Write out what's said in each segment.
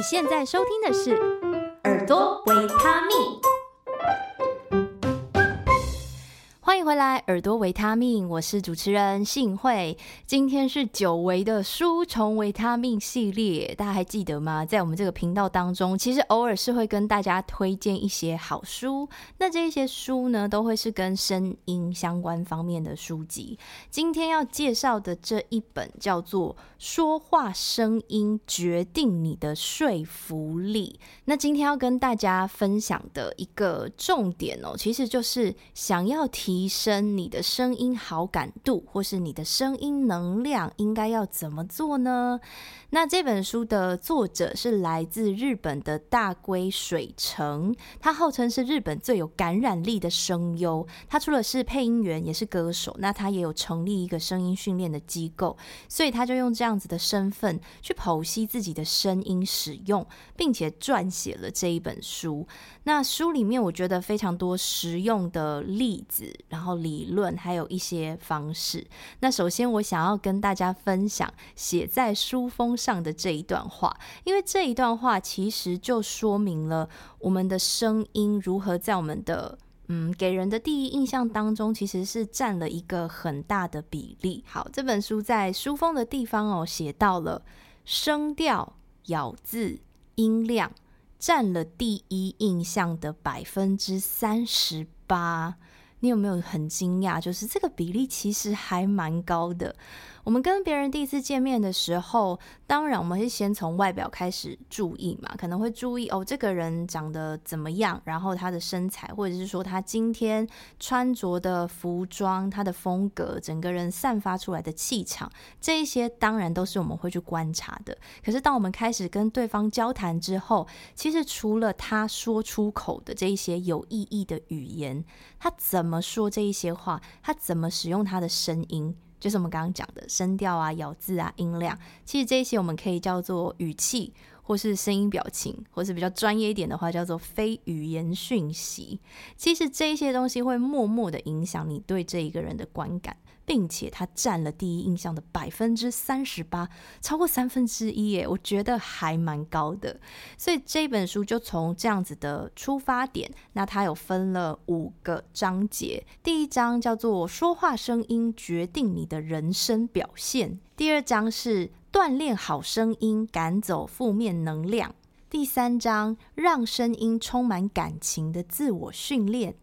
你現在收聽的是《耳朵維他命》。歡迎回來，耳朵維他命，我是主持人信慧。今天是久違的書蟲維他命系列，大家還記得嗎？在我們這個頻道當中，其實偶爾是會跟大家推薦一些好書。那這些書呢，都會是跟聲音相關方面的書籍。今天要介紹的這一本叫做《說話聲音決定你的說服力》。那今天要跟大家分享的一個重點哦，其實就是想要提升。你的聲音好感度或是你的聲音能量應該要怎麼做呢？那這本書的作者是來自日本的大龜水城，他號稱是日本最有感染力的聲優。他除了是配音員，也是歌手，那他也有成立一個聲音訓練的機構，所以他就用這樣子的身份去剖析自己的聲音使用，並且撰寫了這一本書。那書裡面我覺得非常多實用的例子，然後。然後理論還有一些方式。那首先，我想要跟大家分享寫在書封上的這一段話，因為這一段話其實就說明了我們的聲音如何在我們的嗯，給人的第一印象當中，其實是佔了一個很大的比例。好，這本書在書封的地方哦，寫到了聲調、咬字、音量佔了第一印象的百分之三十八。你有沒有很驚訝？就是這個比例其實還蠻高的。我們跟別人第一次見面的時候，當然我們是先從外表開始注意嘛，可能會注意哦這個人長得怎麼樣，然後他的身材，或者是說他今天穿着的服裝、他的風格、整個人散發出來的氣場，這一些當然都是我們會去觀察的。可是當我們開始跟對方交談之後，其實除了他說出口的這一些有意義的語言，他怎麼說這一些話，他怎麼使用他的聲音。就是我們剛剛講的聲調啊、咬字啊、音量，其實這一些我們可以叫做語氣，或是聲音表情，或是比較專業一點的話，叫做非語言訊息。其實這些東西會默默的影響你對這一個人的觀感。並且它佔了第一印象的百分之三十八，超過三分之一耶，3, 我覺得還蠻高的。所以這本書就從這樣子的出發點，那它有分了五個章節。第一章叫做“說話聲音決定你的人生表現”，第二章是“鍛鍊好聲音，趕走負面能量”，第三章“讓聲音充滿感情的自我訓練”。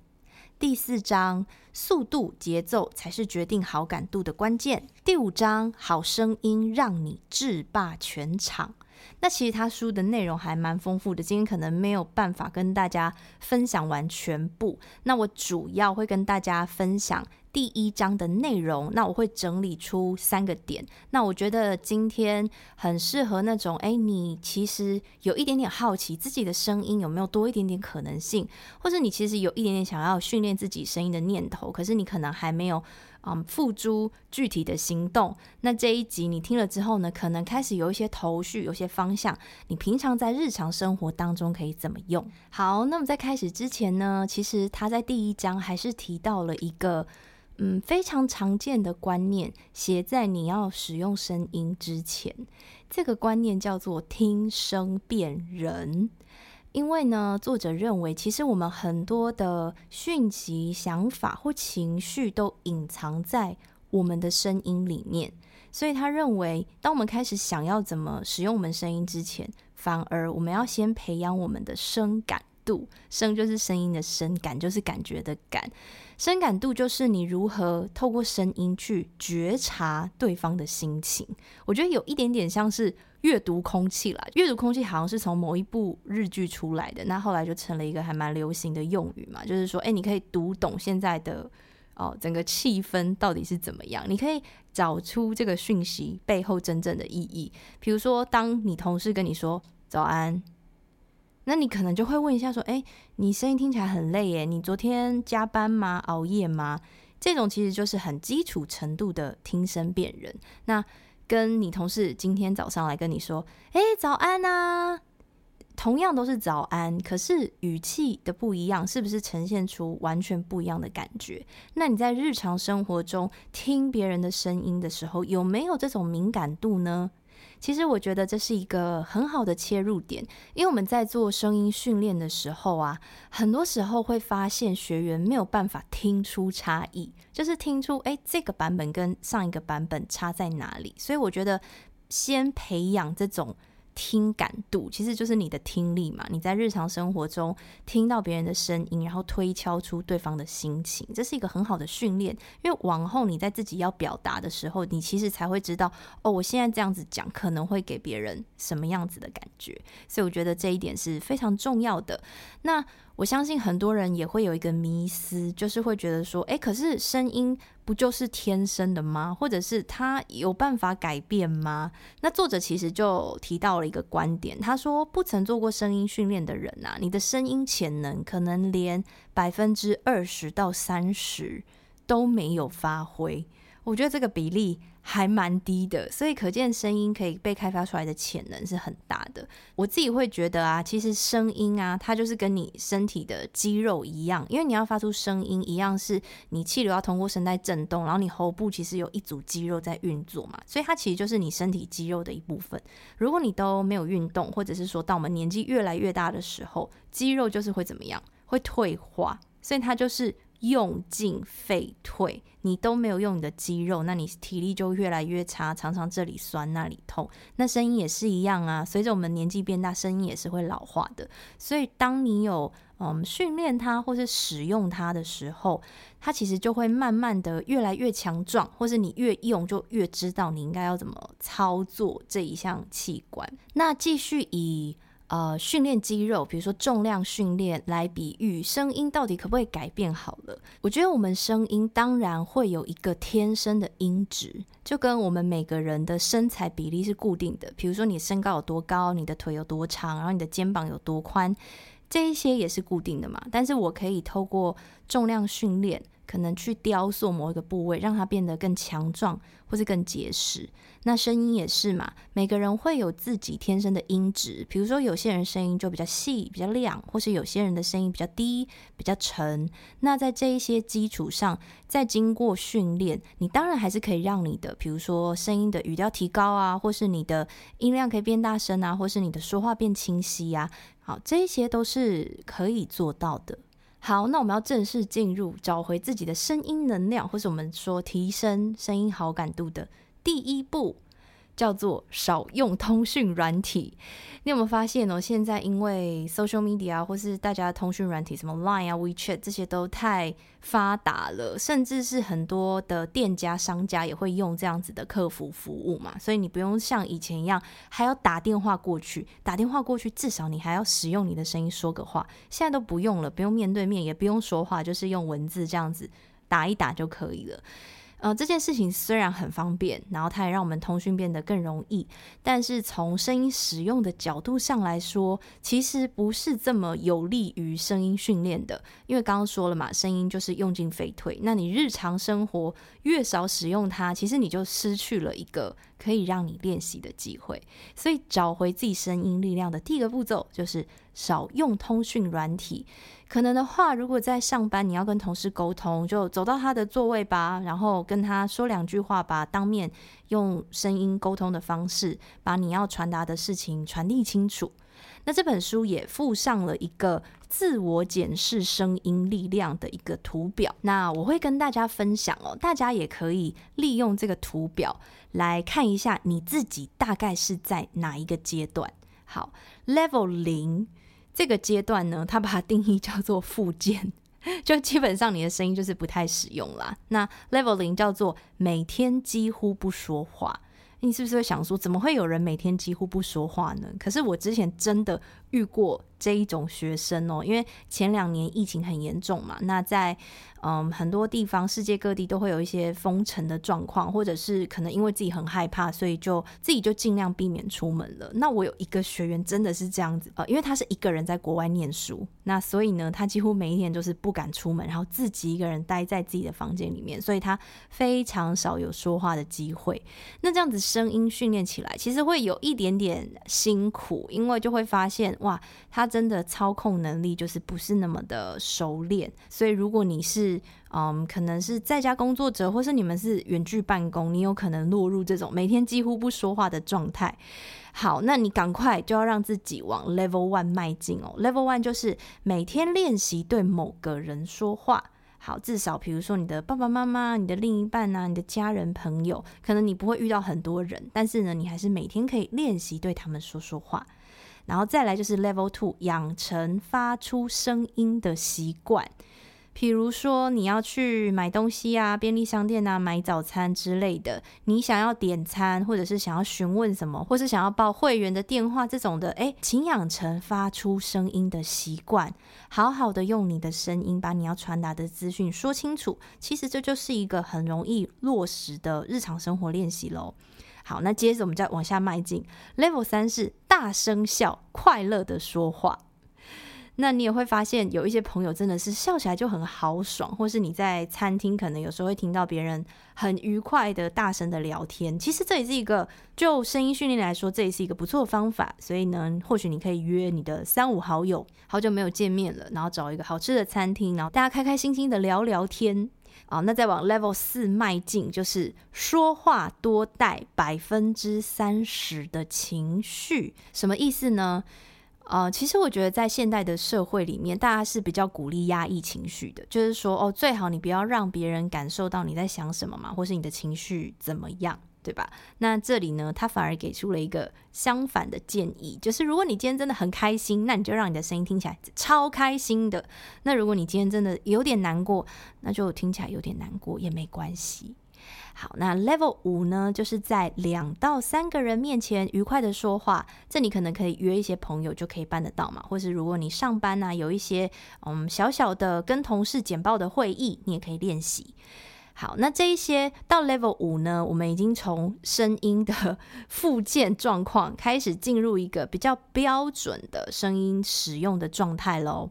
第四章，速度節奏才是決定好感度的關鍵。第五章，好聲音讓你制霸全場。那其實他書的內容還蠻豐富的，今天可能沒有辦法跟大家分享完全部。那我主要會跟大家分享第一章的內容。那我會整理出三個點。那我覺得今天很適合那種，哎、欸，你其實有一點點好奇自己的聲音有沒有多一點點可能性，或是你其實有一點點想要訓練自己聲音的念頭，可是你可能還沒有。嗯，付諸具體的行動。那這一集你聽了之後呢，可能開始有一些頭緒，有些方向，你平常在日常生活當中可以怎麼用？好，那麼在開始之前呢，其實他在第一章還是提到了一個嗯非常常見的觀念，寫在你要使用聲音之前，這個觀念叫做聽聲辨人。因為呢，作者認為，其實我們很多的訊息、想法或情緒都隱藏在我們的聲音裡面，所以他認為，當我們開始想要怎麼使用我們聲音之前，反而我們要先培養我們的聲感度。聲就是聲音的聲，感就是感覺的感。深感度，就是你如何透過聲音去覺察對方的心情，我覺得有一點點像是閱讀空氣啦。閱讀空氣好像是從某一部日劇出來的，那後來就成了一個還蠻流行的用語嘛，就是說，誒，你可以讀懂現在的哦，整個氣氛到底是怎麼樣，你可以找出這個訊息背後真正的意義。比如說，當你同事跟你說早安。那你可能就會問一下說，欸，你聲音聽起來很累耶，你昨天加班嗎？熬夜嗎？這種其實就是很基礎程度的聽聲辨人。那跟你同事今天早上來跟你說，欸，早安吶，同樣都是早安，可是語氣的不一樣，是不是呈現出完全不一樣的感覺？那你在日常生活中聽別人的聲音的時候，有沒有這種敏感度呢？其實我覺得這是一個很好的切入點，因為我們在做聲音訓練的時候啊，很多時候會發現學員沒有辦法聽出差異，就是聽出誒這個版本跟上一個版本差在哪裡，所以我覺得先培養這種。聽感度其實就是你的聽力嘛，你在日常生活中聽到別人的聲音，然後推敲出對方的心情，這是一個很好的訓練，因為往後你在自己要表達的時候，你其實才會知道哦，我現在這樣子講可能會給別人什麼樣子的感覺，所以我覺得這一點是非常重要的。那我相信很多人也會有一個迷思，就是會覺得說，哎、欸，可是聲音。不就是天生的嗎？或者是他有辦法改變嗎？那作者其實就提到了一個觀點，他說，不曾做過聲音訓練的人啊，你的聲音潛能可能連百分之二十到三十都沒有發揮。我覺得這個比例還蠻低的，所以可見聲音可以被開發出來的潛能是很大的。我自己會覺得啊，其實聲音啊，它就是跟你身體的肌肉一樣，因為你要發出聲音，一樣是你氣流要通過聲帶震動，然後你喉部其實有一組肌肉在運作嘛，所以它其實就是你身體肌肉的一部分。如果你都沒有運動，或者是說到我們年紀越來越大的時候，肌肉就是會怎麼樣？會退化，所以它就是。用進廢退，你都沒有用你的肌肉，那你體力就越來越差，常常這裡酸，那裡痛。那聲音也是一樣啊，隨着我們年紀變大，聲音也是會老化的。所以當你有嗯訓練它或是使用它的時候，它其實就會慢慢的越來越強壯，或是你越用就越知道你應該要怎麼操作這一項器官。那繼續以。呃，訓練肌肉，比如說重量訓練來比喻，聲音到底可不可以改變？好了，我覺得我們聲音當然會有一個天生的音質，就跟我們每個人的身材比例是固定的。比如說你身高有多高，你的腿有多長，然後你的肩膀有多寬，這一些也是固定的嘛。但是我可以透過重量訓練。可能去雕塑某一個部位，讓它變得更強壯或是更結實。那聲音也是嘛，每個人會有自己天生的音質。比如說，有些人聲音就比較細、比較亮，或是有些人的聲音比較低、比較沉。那在這一些基礎上，再經過訓練，你當然還是可以讓你的，比如說聲音的語調提高啊，或是你的音量可以變大聲啊，或是你的說話變清晰呀、啊。好，這一些都是可以做到的。好，那我們要正式進入找回自己的聲音能量，或是我們說提升聲音好感度的第一步，叫做少用通訊軟體。你有沒有發現呢、喔？現在因為 social media 啊，或是大家的通訊軟體，什麼 Line 啊、WeChat 這些都太發達了，甚至是很多的店家、商家也會用這樣子的客服服務嘛。所以你不用像以前一樣，還要打電話過去。打電話過去，至少你還要使用你的聲音說個話。現在都不用了，不用面對面，也不用說話，就是用文字這樣子打一打就可以了。呃，這件事情雖然很方便，然後它也讓我們通訊變得更容易，但是從聲音使用的角度上來說，其實不是這麼有利於聲音訓練的。因為剛剛說了嘛，聲音就是用進廢退，那你日常生活越少使用它，其實你就失去了一個可以讓你練習的機會。所以，找回自己聲音力量的第一個步驟就是少用通訊軟體。可能的話，如果在上班，你要跟同事溝通，就走到他的座位吧，然後跟他說兩句話吧，當面用聲音溝通的方式，把你要傳達的事情傳遞清楚。那這本書也附上了一個自我檢視聲音力量的一個圖表，那我會跟大家分享哦，大家也可以利用這個圖表來看一下你自己大概是在哪一個階段。好，Level 零。這個階段呢，他把它定義叫做“附件”，就基本上你的聲音就是不太使用啦。那 Level 零叫做每天幾乎不說話，你是不是會想說怎麼會有人每天幾乎不說話呢？可是我之前真的。遇過這一種學生哦，因為前兩年疫情很嚴重嘛，那在嗯很多地方，世界各地都會有一些封城的狀況，或者是可能因為自己很害怕，所以就自己就盡量避免出門了。那我有一個學員真的是這樣子，呃，因為他是一個人在國外念書，那所以呢，他幾乎每一天都是不敢出門，然後自己一個人待在自己的房間裡面，所以他非常少有說話的機會。那這樣子聲音訓練起來其實會有一點點辛苦，因為就會發現。哇，他真的操控能力就是不是那麼的熟練，所以如果你是嗯，可能是在家工作者，或是你們是遠距辦公，你有可能落入這種每天幾乎不說話的狀態。好，那你趕快就要讓自己往 Level One 邁進哦。Level One 就是每天練習對某個人說話。好，至少比如說你的爸爸媽媽、你的另一半吶、啊、你的家人朋友，可能你不會遇到很多人，但是呢，你還是每天可以練習對他們說說話。然後再來就是 Level Two，養成發出聲音的習慣。比如說，你要去買東西啊，便利商店啊、買早餐之類的，你想要點餐，或者是想要詢問什麼，或者是想要報會員的電話這種的，誒，請養成發出聲音的習慣，好好的用你的聲音把你要傳達的資訊說清楚。其實這就是一個很容易落實的日常生活練習咯。好，那接着我們再往下邁進。Level 三是大聲笑，快樂的說話。那你也會發現，有一些朋友真的是笑起來就很豪爽，或是你在餐廳可能有時候會聽到別人很愉快的、大聲的聊天。其實這也是一個，就聲音訓練來說，這也是一個不錯的方法。所以呢，或許你可以約你的三五好友，好久沒有見面了，然後找一個好吃的餐廳，然後大家開開心心的聊聊天。啊、哦，那再往 level 四邁進，就是說話多帶百分之三十的情緒，什麼意思呢？呃，其實我覺得在現代的社會裡面，大家是比較鼓勵壓抑情緒的，就是說，哦，最好你不要讓別人感受到你在想什麼嘛，或是你的情緒怎麼樣。對吧？那這裡呢，他反而給出了一個相反的建議，就是如果你今天真的很開心，那你就讓你的聲音聽起來超開心的。那如果你今天真的有點難過，那就聽起來有點難過也沒關係。好，那 Level 五呢，就是在兩到三個人面前愉快地說話。這你可能可以約一些朋友就可以辦得到嘛，或是如果你上班呢、啊，有一些嗯小小的跟同事簡報的會議，你也可以練習。好，那這一些到 level 五呢，我們已經從聲音的復健狀況開始進入一個比較標準的聲音使用的狀態嘍。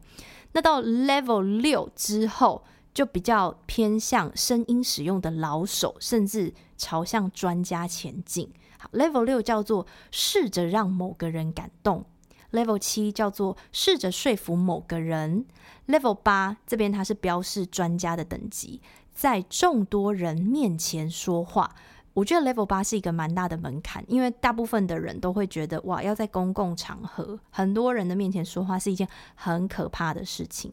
那到 level 六之後，就比較偏向聲音使用的老手，甚至朝向專家前進。好，level 六叫做試着讓某個人感動，level 七叫做試着說服某個人，level 八這邊它是標示專家的等級。在眾多人面前說話，我覺得 level 八是一個蠻大的門檻，因為大部分的人都會覺得哇，要在公共場合很多人的面前說話是一件很可怕的事情。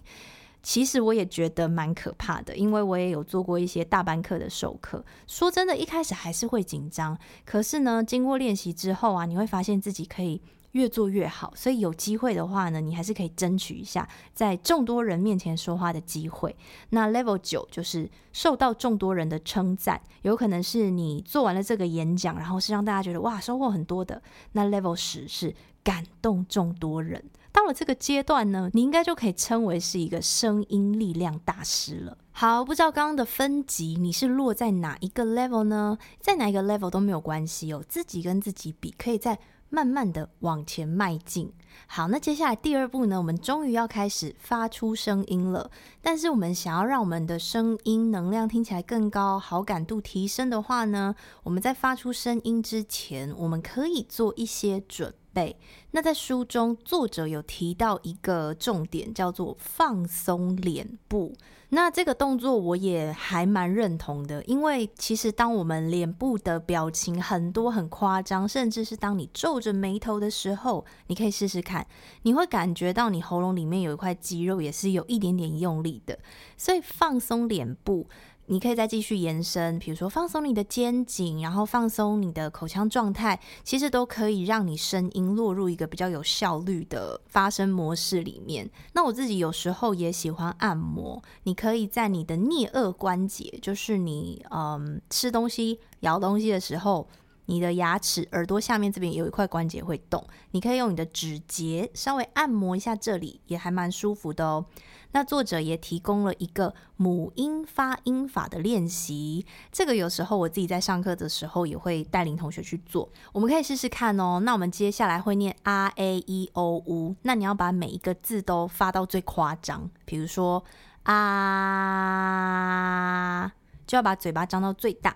其實我也覺得蠻可怕的，因為我也有做過一些大班課的授課。說真的，一開始還是會緊張，可是呢，經過練習之後啊，你會發現自己可以。越做越好，所以有機會的話呢，你還是可以爭取一下在眾多人面前說話的機會。那 level 九就是受到眾多人的稱讚，有可能是你做完了這個演講，然後是讓大家覺得哇，收穫很多的。那 level 十是感動眾多人。到了這個階段呢，你應該就可以稱為是一個聲音力量大師了。好，不知道剛剛的分級你是落在哪一個 level 呢？在哪一個 level 都沒有關係哦，自己跟自己比，可以在。慢慢的往前邁進。好，那接下來第二步呢，我們終於要開始發出聲音了。但是我們想要讓我們的聲音能量聽起來更高，好感度提升的話呢，我們在發出聲音之前，我們可以做一些準。背，那在書中作者有提到一個重點，叫做放鬆臉部。那這個動作我也還蠻認同的，因為其實當我們臉部的表情很多很誇張，甚至是當你皺着眉頭的時候，你可以試試看，你會感覺到你喉嚨裡面有一塊肌肉也是有一點點用力的，所以放鬆臉部。你可以再繼續延伸，比如說放鬆你的肩頸，然後放鬆你的口腔狀態，其實都可以讓你聲音落入一個比較有效率的發聲模式裡面。那我自己有時候也喜歡按摩，你可以在你的顳顎關節，就是你嗯吃東西、咬東西的時候，你的牙齒、耳朵下面這邊有一塊關節會動，你可以用你的指節稍微按摩一下這裡，也還蠻舒服的哦。那作者也提供了一個母音發音法的練習，這個有時候我自己在上課的時候也會帶領同學去做，我們可以試試看哦。那我們接下來會念 R A E O U，那你要把每一個字都發到最誇張，比如說啊，就要把嘴巴張到最大。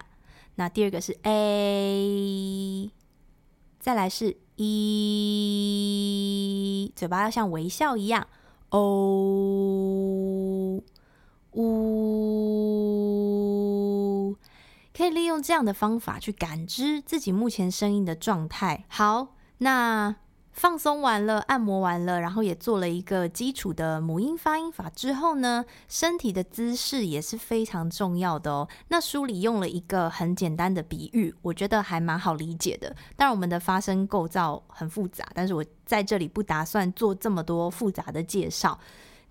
那第二個是 A，再來是 E，嘴巴要像微笑一樣。O，嗚，可以利用這樣的方法去感知自己目前聲音的狀態。好，那。放鬆完了，按摩完了，然後也做了一個基礎的母音發音法之後呢，身體的姿勢也是非常重要的哦。那書裡用了一個很簡單的比喻，我覺得還蠻好理解的。當然我們的發聲構造很複雜，但是我在這裡不打算做這麼多複雜的介紹。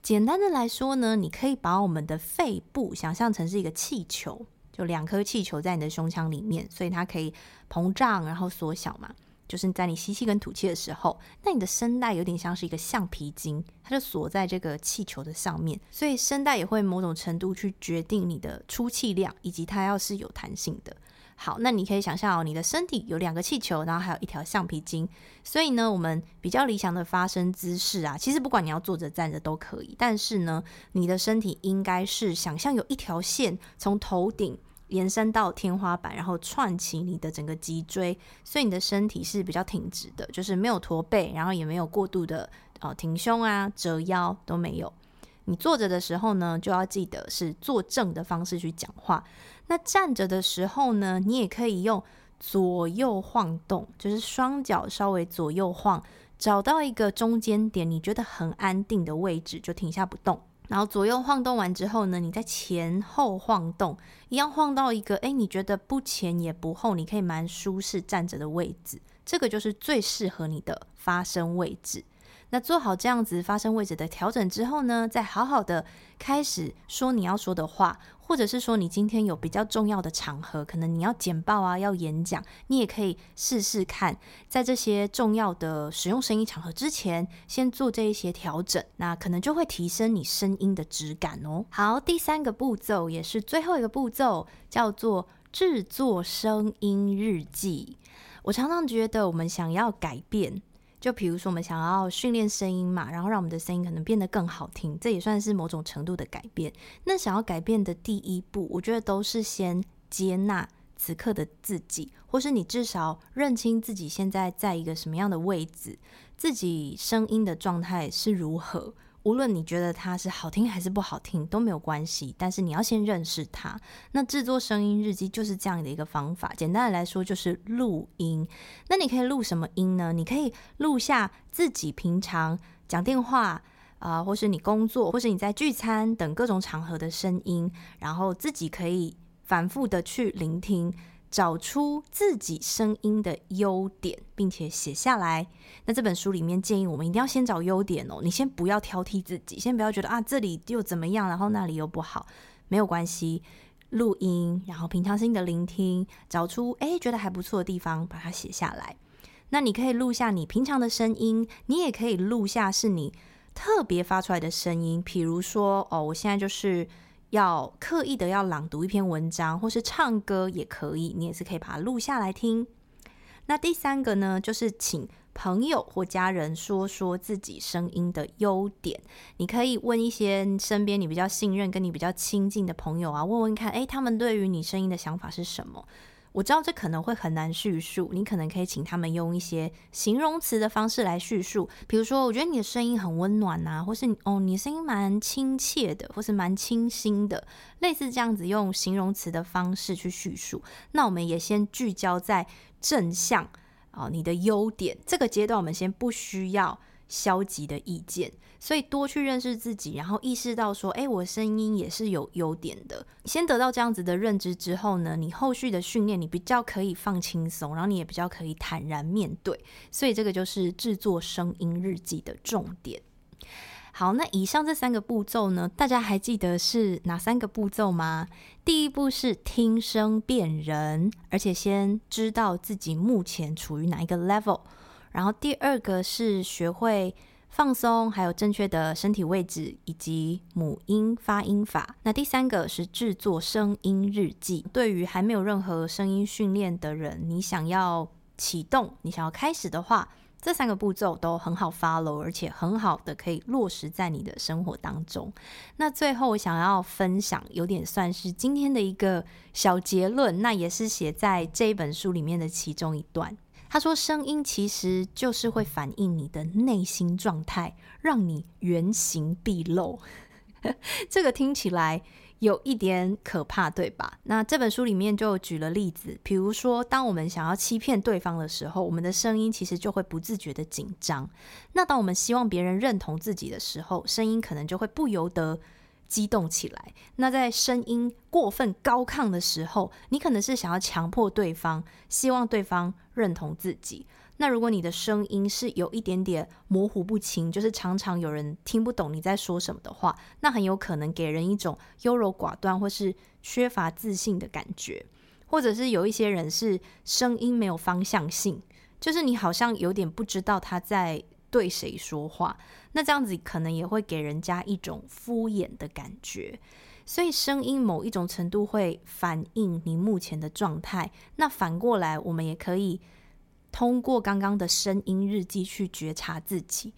簡單的來說呢，你可以把我們的肺部想象成是一個氣球，就兩顆氣球在你的胸腔裡面，所以它可以膨脹，然後縮小嘛。就是在你吸氣跟吐氣的時候，那你的聲帶有點像是一個橡皮筋，它就鎖在這個氣球的上面，所以聲帶也會某種程度去決定你的出氣量，以及它要是有彈性的。好，那你可以想象哦，你的身體有兩個氣球，然後還有一條橡皮筋，所以呢，我們比較理想的發聲姿勢啊，其實不管你要坐着站着都可以，但是呢，你的身體應該是想象有一條線從頭頂。延伸到天花板，然後串起你的整個脊椎，所以你的身體是比較挺直的，就是沒有駝背，然後也沒有過度的哦、呃、挺胸啊、折腰都沒有。你坐着的時候呢，就要記得是坐正的方式去講話。那站着的時候呢，你也可以用左右晃動，就是雙腳稍微左右晃，找到一個中間點，你覺得很安定的位置就停下不動。然後左右晃動完之後呢，你在前後晃動，一樣晃到一個，哎，你覺得不前也不後，你可以蠻舒適站着的位置，這個就是最適合你的發聲位置。那做好這樣子發聲位置的調整之後呢，再好好的開始說你要說的話，或者是說你今天有比較重要的場合，可能你要簡報啊，要演講，你也可以試試看，在這些重要的使用聲音場合之前，先做這一些調整，那可能就會提升你聲音的質感哦。好，第三個步驟也是最後一個步驟，叫做制作聲音日記。我常常覺得，我們想要改變。就比如說，我們想要訓練聲音嘛，然後讓我們的聲音可能變得更好聽，這也算是某種程度的改變。那想要改變的第一步，我覺得都是先接納此刻的自己，或是你至少認清自己現在在一個什麼樣的位置，自己聲音的狀態是如何。無論你覺得它是好聽還是不好聽都沒有關係，但是你要先認識它。那制作聲音日記就是這樣的一個方法。簡單的來說就是錄音。那你可以錄什麼音呢？你可以錄下自己平常講電話啊，呃，或是你工作，或是你在聚餐等各種場合的聲音，然後自己可以反覆的去聆聽。找出自己聲音的優點，並且寫下來。那這本書裡面建議我們一定要先找優點哦，你先不要挑剔自己，先不要覺得啊，這裡又怎麼樣，然後那裡又不好，沒有關係。錄音，然後平常心的聆聽，找出哎覺得還不錯的地方，把它寫下來。那你可以錄下你平常的聲音，你也可以錄下是你特別發出來的聲音，比如說哦，我現在就是。要刻意的要朗讀一篇文章，或是唱歌也可以，你也是可以把它錄下來聽。那第三個呢，就是請朋友或家人說說自己聲音的優點。你可以問一些身邊你比較信任、跟你比較親近的朋友啊，問問看，哎、欸，他們對於你聲音的想法是什麼？我知道，這可能會很難敘述，你可能可以請他們用一些形容詞的方式來敘述，比如說，我覺得你的聲音很溫暖啊，或是哦，你聲音蠻親切的，或是蠻清新的，類似這樣子用形容詞的方式去敘述。那我們也先聚焦在正向啊，哦，你的優點這個階段，我們先不需要消極的意見，所以多去認識自己，然後意識到說，哎、欸，我聲音也是有優點的。先得到這樣子的認知之後呢，你後續的訓練，你比較可以放輕鬆，然後你也比較可以坦然面對。所以這個就是制作聲音日記的重點。好，那以上這三個步驟呢，大家還記得是哪三個步驟嗎？第一步是聽聲辨人，而且先知道自己目前處於哪一個 level。然後第二個是學會放鬆，還有正確的身體位置以及母音發音法。那第三個是制作聲音日記。對於還沒有任何聲音訓練的人，你想要啟動、你想要開始的話，這三個步驟都很好 follow，而且很好的可以落實在你的生活當中。那最後我想要分享，有點算是今天的一個小結論，那也是寫在這一本書裡面的其中一段。他說：“聲音其實就是會反映你的內心狀態，讓你原形畢露。 這個聽起來有一點可怕，對吧？那這本書裡面就舉了例子，比如說，當我們想要欺騙對方的時候，我們的聲音其實就會不自覺的緊張；那當我們希望別人認同自己的時候，聲音可能就會不由得。”激動起來，那在聲音過分高亢的時候，你可能是想要強迫對方，希望對方認同自己。那如果你的聲音是有一點點模糊不清，就是常常有人聽不懂你在說什麼的話，那很有可能給人一種優柔寡斷或是缺乏自信的感覺，或者是有一些人是聲音沒有方向性，就是你好像有點不知道他在對誰說話。那這樣子可能也會給人家一種敷衍的感覺，所以聲音某一種程度會反映你目前的狀態。那反過來，我們也可以通過剛剛的聲音日記去覺察自己。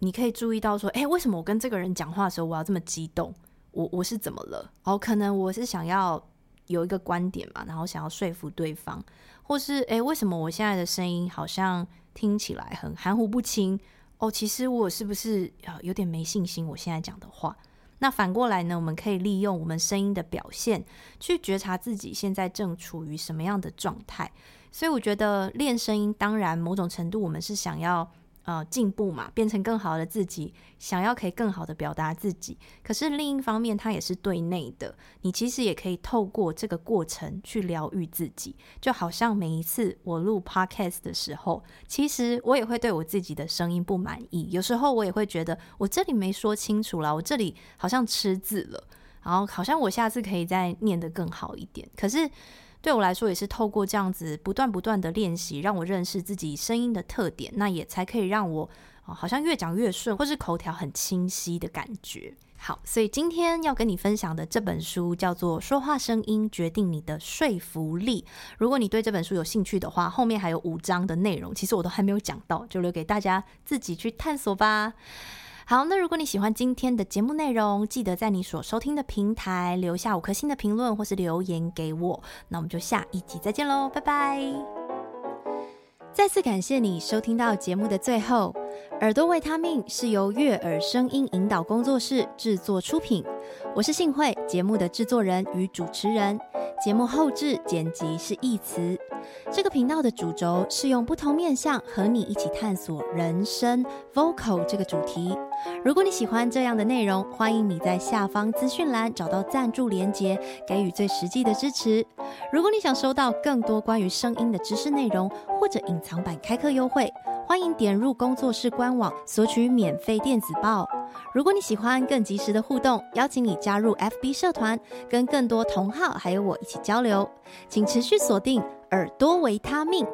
你可以注意到說，欸，為什麼我跟這個人講話的時候，我要這麼激動？我我是怎麼了？哦，可能我是想要有一個觀點嘛，然後想要說服對方，或是，欸，為什麼我現在的聲音好像聽起來很含糊不清？哦，其實我是不是有點沒信心？我現在講的話，那反過來呢？我們可以利用我們聲音的表現去覺察自己現在正處於什麼樣的狀態。所以我覺得練聲音，當然某種程度我們是想要。呃，進步嘛，變成更好的自己，想要可以更好的表達自己。可是另一方面，它也是對內的。你其實也可以透過這個過程去療癒自己。就好像每一次我錄 podcast 的時候，其實我也會對我自己的聲音不滿意。有時候我也會覺得，我這裡沒說清楚啦，我這裡好像吃字了，然後好像我下次可以再念得更好一點。可是。對我來說，也是透過這樣子不斷不斷的練習，讓我認識自己聲音的特點，那也才可以讓我、哦、好像越講越順，或是口條很清晰的感覺。好，所以今天要跟你分享的這本書叫做《說話聲音決定你的說服力》。如果你對這本書有興趣的話，後面還有五章的內容，其實我都還沒有講到，就留給大家自己去探索吧。好，那如果你喜歡今天的節目內容，記得在你所收聽的平台留下五顆星的評論或是留言給我。那我們就下一集再見嘍，拜拜！再次感謝你收聽到節目的最後。耳朵維他命是由樂耳聲音引導工作室製作出品，我是信慧，節目的製作人與主持人。節目後製剪輯是義詞。這個頻道的主軸是用不同面向和你一起探索人聲 ，vocal 這個主題。如果你喜歡這樣的內容，歡迎你在下方資訊欄找到贊助鏈接，給予最實際的支持。如果你想收到更多關於聲音的知識內容，或者隱藏版開課優惠，歡迎點入工作室官網索取免費電子報。如果你喜歡更及時的互動，邀請你加入 FB 社團，跟更多同好還有我一起交流。請持續鎖定耳朵維他命。